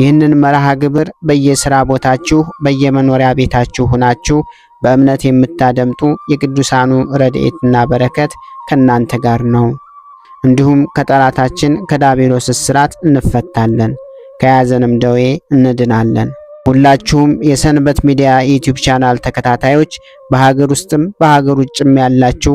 ይህንን መርሃ ግብር በየስራ ቦታችሁ በየመኖሪያ ቤታችሁ ሆናችሁ በእምነት የምታደምጡ የቅዱሳኑ ረድኤትና በረከት ከእናንተ ጋር ነው። እንዲሁም ከጠላታችን ከዳቢሎስ እስራት እንፈታለን፣ ከያዘንም ደዌ እንድናለን። ሁላችሁም የሰንበት ሚዲያ ዩቲዩብ ቻናል ተከታታዮች በሀገር ውስጥም በሀገር ውጭም ያላችሁ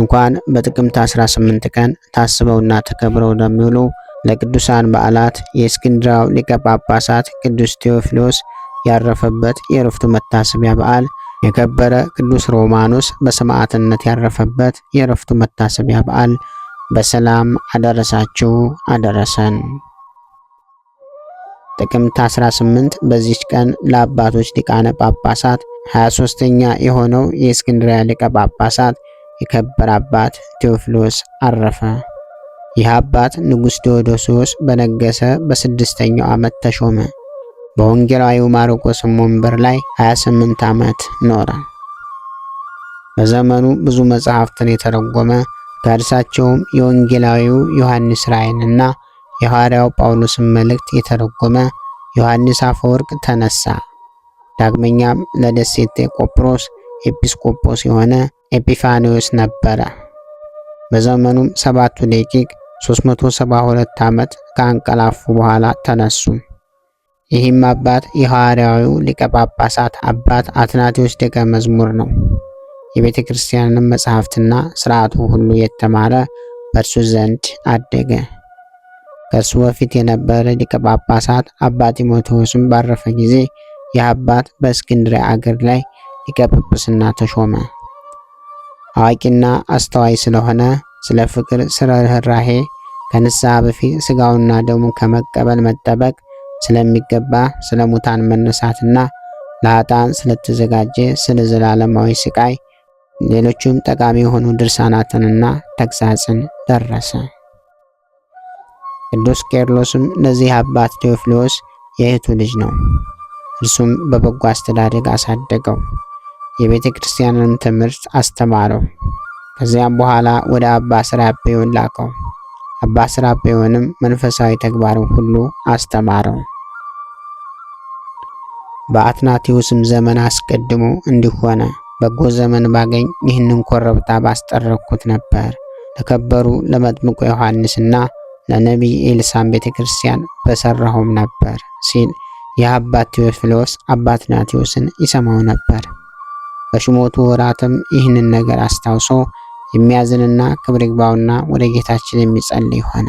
እንኳን በጥቅምት 18 ቀን ታስበውና ተከብረው ለሚውሉ ለቅዱሳን በዓላት የእስክንድራው ሊቀ ጳጳሳት ቅዱስ ቴዎፊሎስ ያረፈበት የዕረፍቱ መታሰቢያ በዓል፣ የከበረ ቅዱስ ሮማኖስ በሰማዕትነት ያረፈበት የዕረፍቱ መታሰቢያ በዓል በሰላም አደረሳችሁ አደረሰን። ጥቅምት 18 በዚች ቀን ለአባቶች ሊቃነ ጳጳሳት 23ኛ የሆነው የእስክንድሪያ ሊቀ ጳጳሳት የከበረ አባት ቴዎፍሎስ አረፈ። ይህ አባት ንጉሥ ቴዎዶስዮስ በነገሰ በስድስተኛው ዓመት ተሾመ። በወንጌላዊው ማርቆስም ወንበር ላይ 28 ዓመት ኖረ። በዘመኑ ብዙ መጽሐፍትን የተረጎመ ከእርሳቸውም የወንጌላዊው ዮሐንስ ራእይንና የሐዋርያው ጳውሎስን መልእክት የተረጎመ ዮሐንስ አፈወርቅ ተነሳ። ዳግመኛም ለደሴቴ ቆጵሮስ ኤጲስቆጶስ የሆነ ኤጲፋኒዎስ ነበረ። በዘመኑም ሰባቱ ደቂቅ 372 ዓመት ከአንቀላፉ በኋላ ተነሱ። ይህም አባት የሐዋርያዊው ሊቀ ጳጳሳት አባት አትናቴዎስ ደቀ መዝሙር ነው። የቤተ ክርስቲያንንም መጽሐፍትና ስርዓቱ ሁሉ የተማረ በእርሱ ዘንድ አደገ። ከእርሱ በፊት የነበረ ሊቀ ጳጳሳት አባ ጢሞቴዎስም ባረፈ ጊዜ ይህ አባት በእስክንድሪያ አገር ላይ ሊቀ ጵጵስና ተሾመ። አዋቂና አስተዋይ ስለሆነ ስለ ፍቅር፣ ስለ ርኅራሄ ከንስሐ በፊት ስጋውና ደሙን ከመቀበል መጠበቅ ስለሚገባ ስለ ሙታን መነሳትና ለአጣን ስለተዘጋጀ ስለ ዘላለማዊ ስቃይ ሌሎቹም ጠቃሚ የሆኑ ድርሳናትንና ተግሳጽን ደረሰ። ቅዱስ ቄርሎስም ለዚህ አባት ቴዎፍሎስ የእህቱ ልጅ ነው። እርሱም በበጎ አስተዳደግ አሳደገው። የቤተ ክርስቲያንንም ትምህርት አስተማረው። ከዚያም በኋላ ወደ አባ ስራጴዮን ላከው። አባ ስራጴዮንም መንፈሳዊ ተግባርን ሁሉ አስተማረው። በአትናቴዎስም ዘመን አስቀድሞ እንዲህ ሆነ። በጎ ዘመን ባገኝ ይህንን ኮረብታ ባስጠረኩት ነበር። ለከበሩ ለመጥምቁ ዮሐንስና ለነቢይ ኤልሳን ቤተ ክርስቲያን በሰራሁም ነበር ሲል የአባት ቴዎፍሎስ አባ አትናቴዎስን ይሰማው ነበር። በሽሞቱ ወራትም ይህንን ነገር አስታውሶ የሚያዝንና ክብር ይግባውና ወደ ጌታችን የሚጸልይ ሆነ።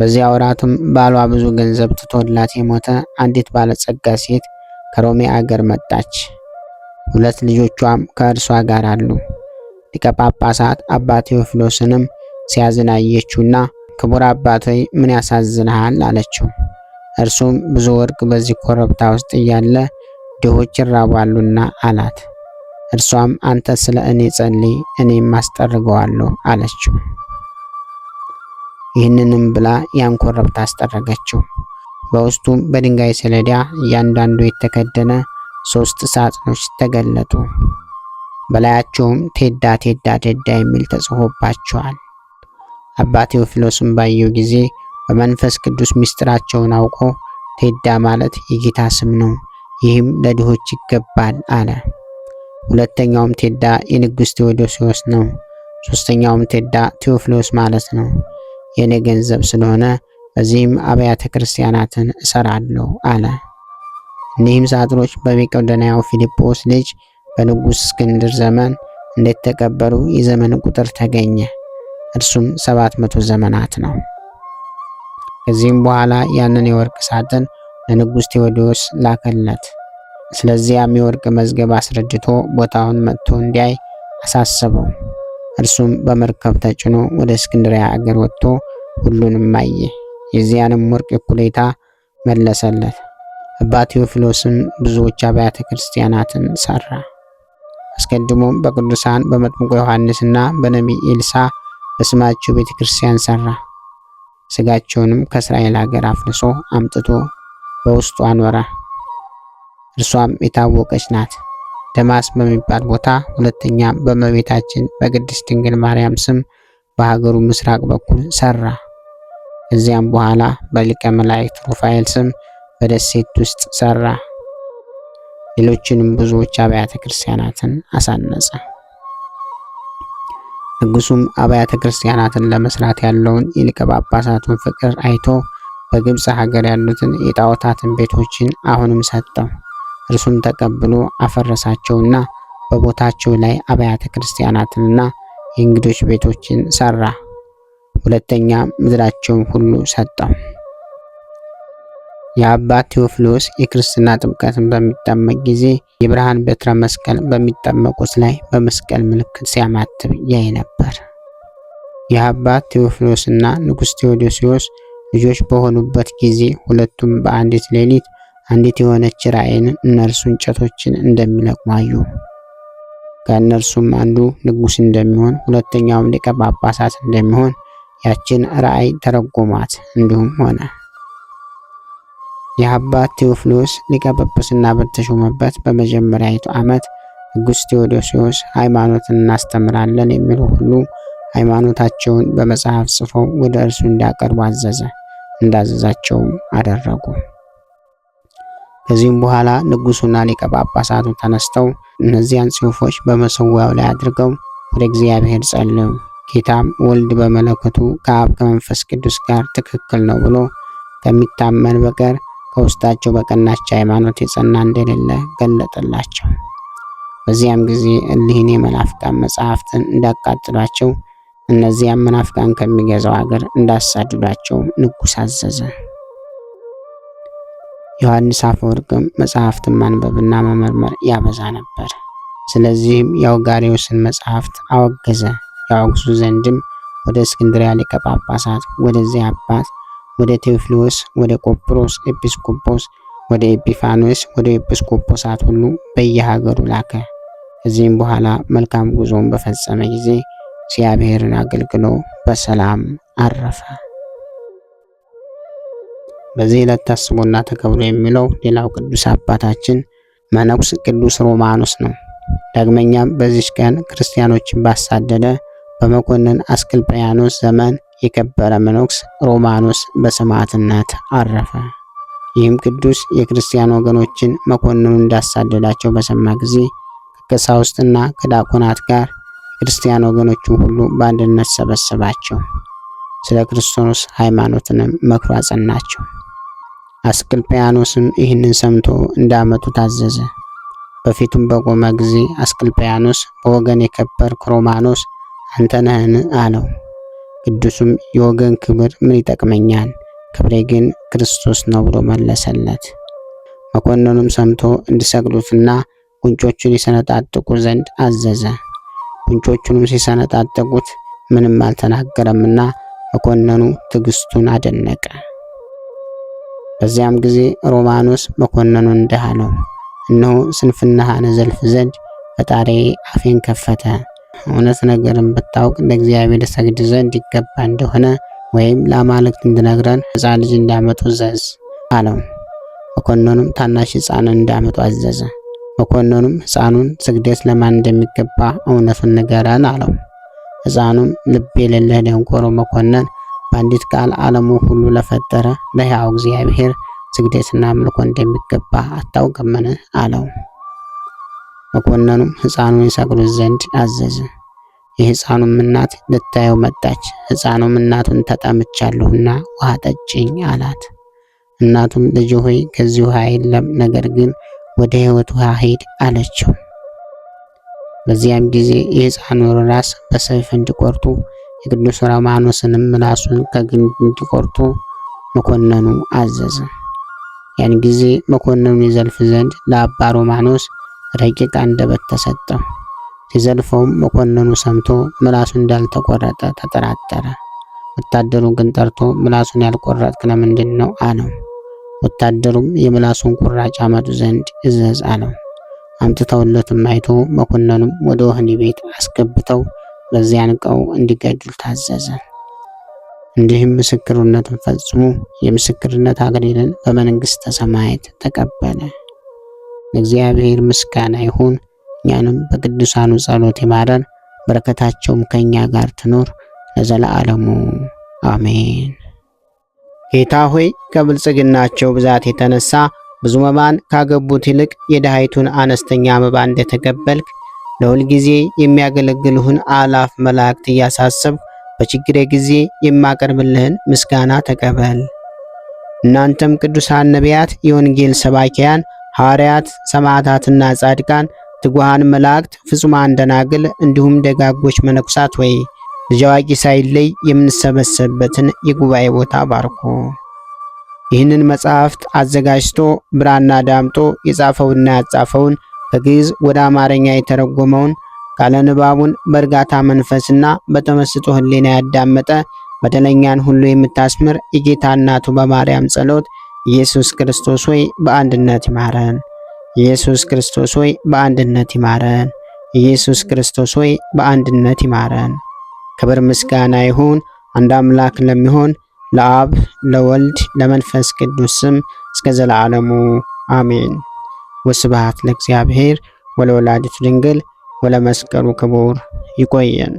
በዚያ ወራትም ባሏ ብዙ ገንዘብ ትቶላት የሞተ አንዲት ባለጸጋ ሴት ከሮሜ አገር መጣች። ሁለት ልጆቿም ከእርሷ ጋር አሉ። ሊቀ ጳጳሳት አባ ቴዎፍሎስንም ሲያዝን አየችውና ክቡር አባቶይ ምን ያሳዝንሃል? አለችው። እርሱም ብዙ ወርቅ በዚህ ኮረብታ ውስጥ እያለ ድሆች ይራባሉና አላት። እርሷም አንተ ስለ እኔ ጸልይ፣ እኔም አስጠርገዋለሁ አለችው። ይህንንም ብላ ያን ኮረብታ አስጠረገችው። በውስጡም በድንጋይ ሰሌዳ እያንዳንዱ የተከደነ ሶስት ሳጥኖች ተገለጡ። በላያቸውም ቴዳ ቴዳ ቴዳ የሚል ተጽፎባቸዋል። አባ ቴዎፍሎስም ባየው ጊዜ በመንፈስ ቅዱስ ምስጢራቸውን አውቆ ቴዳ ማለት የጌታ ስም ነው ይህም ለድሆች ይገባል አለ። ሁለተኛውም ቴዳ የንጉሥ ቴዎዶሲዎስ ነው። ሶስተኛውም ቴዳ ቴዎፍሎስ ማለት ነው። የእኔ ገንዘብ ስለሆነ በዚህም አብያተ ክርስቲያናትን እሰራለሁ አለ። እኒህም ሳጥኖች በመቄዶንያው ፊልጶስ ልጅ በንጉሥ እስክንድር ዘመን እንደተቀበሩ የዘመን ቁጥር ተገኘ። እርሱም ሰባት መቶ ዘመናት ነው። ከዚህም በኋላ ያንን የወርቅ ሳጥን ለንጉሥ ቴዎዶስ ላከለት። ስለዚያም የወርቅ መዝገብ አስረድቶ ቦታውን መጥቶ እንዲያይ አሳሰበው። እርሱም በመርከብ ተጭኖ ወደ እስክንድሪያ አገር ወጥቶ ሁሉንም አየ። የዚያንም ወርቅ እኩሌታ መለሰለት። አባ ቴዎፍሎስም ብዙዎች አብያተ ክርስቲያናትን ሰራ። አስቀድሞም በቅዱሳን በመጥምቆ ዮሐንስና በነቢይ ኤልሳ በስማቸው ቤተ ክርስቲያን ሰራ። ስጋቸውንም ከእስራኤል ሀገር አፍልሶ አምጥቶ በውስጡ አኖረ። እርሷም የታወቀች ናት። ደማስ በሚባል ቦታ ሁለተኛ በእመቤታችን በቅድስት ድንግል ማርያም ስም በሀገሩ ምስራቅ በኩል ሰራ። ከዚያም በኋላ በሊቀ መላእክት ሩፋኤል ስም በደሴት ውስጥ ሰራ። ሌሎችንም ብዙዎች አብያተ ክርስቲያናትን አሳነጸ። ንጉሱም አብያተ ክርስቲያናትን ለመስራት ያለውን የሊቀ ጳጳሳቱን ፍቅር አይቶ በግብፅ ሀገር ያሉትን የጣዖታትን ቤቶችን አሁንም ሰጠው። እርሱም ተቀብሎ አፈረሳቸውና በቦታቸው ላይ አብያተ ክርስቲያናትንና የእንግዶች ቤቶችን ሰራ። ሁለተኛ ምድራቸውን ሁሉ ሰጠው። የአባት ቴዎፍሎስ የክርስትና ጥምቀትን በሚጠመቅ ጊዜ የብርሃን በትረ መስቀል በሚጠመቁት ላይ በመስቀል ምልክት ሲያማትብ ያይ ነበር። የአባት ቴዎፍሎስና ንጉሥ ቴዎዶሲዎስ ልጆች በሆኑበት ጊዜ ሁለቱም በአንዲት ሌሊት አንዲት የሆነች ራእይን እነርሱ እንጨቶችን እንደሚለቅሙ አዩ። ከእነርሱም አንዱ ንጉሥ እንደሚሆን ሁለተኛውም ሊቀ ጳጳሳት እንደሚሆን ያችን ራእይ ተረጎማት፣ እንዲሁም ሆነ። የአባት ቴዎፍሎስ ሊቀ ጵጵስና በተሾመበት በመጀመሪያይቱ ዓመት ንጉሥ ቴዎዶሲዎስ ሃይማኖትን እናስተምራለን የሚሉ ሁሉ ሃይማኖታቸውን በመጽሐፍ ጽፈው ወደ እርሱ እንዲያቀርቡ አዘዘ። እንዳዘዛቸውም አደረጉ። ከዚህም በኋላ ንጉሱና ሊቀ ጳጳሳቱ ተነስተው እነዚያን ጽሑፎች በመሰዊያው ላይ አድርገው ወደ እግዚአብሔር ጸልዩ። ጌታም ወልድ በመለኮቱ ከአብ ከመንፈስ ቅዱስ ጋር ትክክል ነው ብሎ ከሚታመን በቀር ከውስጣቸው በቀናች ሃይማኖት የጸና እንደሌለ ገለጠላቸው። በዚያም ጊዜ እሊህን የመናፍቃን መጽሐፍትን እንዳቃጥሏቸው እነዚያም መናፍቃን ከሚገዛው አገር እንዳሳድዷቸው ንጉሥ አዘዘ። ዮሐንስ አፈወርቅም መጽሐፍትን ማንበብና መመርመር ያበዛ ነበር። ስለዚህም የአውጋሪዎስን መጽሐፍት አወገዘ። ያወግዙ ዘንድም ወደ እስክንድሪያ ሊቀ ጳጳሳት ወደዚያ አባት ወደ ቴዎፍሎስ፣ ወደ ቆጵሮስ ኤጲስቆጶስ፣ ወደ ኤጲፋኖስ፣ ወደ ኤጲስቆጶሳት ሁሉ በየሀገሩ ላከ። ከዚህም በኋላ መልካም ጉዞውን በፈጸመ ጊዜ እግዚአብሔርን አገልግሎ በሰላም አረፈ። በዚህ ዕለት ታስቦና ተከብሮ የሚለው ሌላው ቅዱስ አባታችን መነኩስ ቅዱስ ሮማኖስ ነው። ዳግመኛም በዚች ቀን ክርስቲያኖችን ባሳደደ በመኮንን አስክልጵያኖስ ዘመን የከበረ መነኩስ ሮማኖስ በሰማዕትነት አረፈ። ይህም ቅዱስ የክርስቲያን ወገኖችን መኮንኑ እንዳሳደዳቸው በሰማ ጊዜ ከቀሳውስትና ከዲያቆናት ጋር ክርስቲያን ወገኖቹን ሁሉ በአንድነት ሰበሰባቸው። ስለ ክርስቶስ ሃይማኖትንም መክሮ አጸናቸው። አስክልጵያኖስም ይህንን ሰምቶ እንዳመጡ ታዘዘ። በፊቱም በቆመ ጊዜ አስቅልጵያኖስ በወገን የከበርክ ሮማኖስ አንተ ነህን? አለው። ቅዱሱም የወገን ክብር ምን ይጠቅመኛል? ክብሬ ግን ክርስቶስ ነው ብሎ መለሰለት። መኮንኑም ሰምቶ እንዲሰቅሉትና ጉንጮቹን የሰነጣጥቁ ዘንድ አዘዘ። ጉንጮቹንም ሲሰነጣጠቁት ምንም አልተናገረምና መኮንኑ ትዕግስቱን አደነቀ። በዚያም ጊዜ ሮማኖስ መኮንኑ እንዲህ አለው፣ እነሆ ስንፍናህን ዘልፍ ዘንድ ፈጣሪ አፌን ከፈተ። እውነት ነገርን ብታውቅ ለእግዚአብሔር ሰግድ ዘንድ ይገባ እንደሆነ ወይም ለአማልክት እንድነግረን ሕፃን ልጅ እንዳመጡ ዘዝ አለው። መኮንኑም ታናሽ ሕፃንን እንዳመጡ አዘዘ። መኮንኑም ሕፃኑን ስግደት ለማን እንደሚገባ እውነቱን ንገረን አለው። ሕፃኑም ልብ የሌለህ ደንቆሮ መኮንን በአንዲት ቃል ዓለሙ ሁሉ ለፈጠረ ለሕያው እግዚአብሔር ስግደትና አምልኮ እንደሚገባ አታውቅምን? አለው። መኮንኑም ሕፃኑን የሰቅሉ ዘንድ አዘዘ። የሕፃኑም እናት ልታየው መጣች። ሕፃኑም እናቱን ተጠምቻለሁና ውሃ ጠጭኝ አላት። እናቱም ልጅ ሆይ ከዚህ ውሃ የለም፣ ነገር ግን ወደ ህይወት ውሃ ሂድ አለችው። በዚያም ጊዜ የሕፃኑን ራስ በሰይፍ እንዲቆርጡ የቅዱስ ሮማኖስንም ምላሱን ከግንድ እንዲቆርጡ መኮንኑ አዘዘ። ያን ጊዜ መኮንኑ ይዘልፍ ዘንድ ለአባ ሮማኖስ ረቂቅ አንደበት ተሰጠው። ሲዘልፈውም መኮንኑ ሰምቶ ምላሱ እንዳልተቆረጠ ተጠራጠረ። ወታደሩ ግን ጠርቶ ምላሱን ያልቆረጥክ ለምንድን ነው አለው። ወታደሩም የምላሱን ቁራጭ አመጡ ዘንድ እዘዝ አለው። አምጥተውለትም አይቶ መኮንኑም ወደ ወህኒ ቤት አስገብተው በዚያ ንቀው እንዲገድል ታዘዘ። እንዲህም ምስክርነትን ፈጽሞ የምስክርነት አክሊልን በመንግሥተ ሰማያት ተቀበለ። ለእግዚአብሔር ምስጋና ይሁን። እኛንም በቅዱሳኑ ጸሎት ይማረን፣ በረከታቸውም ከእኛ ጋር ትኖር ለዘላለሙ አሜን። ጌታ ሆይ ከብልጽግናቸው ብዛት የተነሳ ብዙ መባን ካገቡት ይልቅ የድሃይቱን አነስተኛ መባ እንደተቀበልክ ለሁል ጊዜ የሚያገለግልህን አላፍ መላእክት እያሳሰብ በችግሬ ጊዜ የማቀርብልህን ምስጋና ተቀበል። እናንተም ቅዱሳን ነቢያት፣ የወንጌል ሰባኪያን ሐዋርያት፣ ሰማዕታትና ጻድቃን፣ ትጉሃን መላእክት፣ ፍጹማን ደናግል እንዲሁም ደጋጎች መነኩሳት ወይ ልጅ አዋቂ ሳይለይ የምንሰበሰብበትን የጉባኤ ቦታ ባርኮ ይህንን መጽሐፍት አዘጋጅቶ ብራና ዳምጦ የጻፈውና ያጻፈውን ከግዕዝ ወደ አማርኛ የተረጎመውን ቃለ ንባቡን በእርጋታ መንፈስና በተመስጦ ሕሊና ያዳመጠ በደለኛን ሁሉ የምታስምር የጌታ እናቱ በማርያም ጸሎት ኢየሱስ ክርስቶስ ሆይ በአንድነት ይማረን። ኢየሱስ ክርስቶስ ሆይ በአንድነት ይማረን። ኢየሱስ ክርስቶስ ሆይ በአንድነት ይማረን። ክብር ምስጋና ይሁን አንድ አምላክ ለሚሆን ለአብ ለወልድ ለመንፈስ ቅዱስ ስም እስከ ዘላለሙ አሜን። ወስብሐት ለእግዚአብሔር ወለወላዲቱ ድንግል ወለመስቀሉ ክቡር። ይቆየን።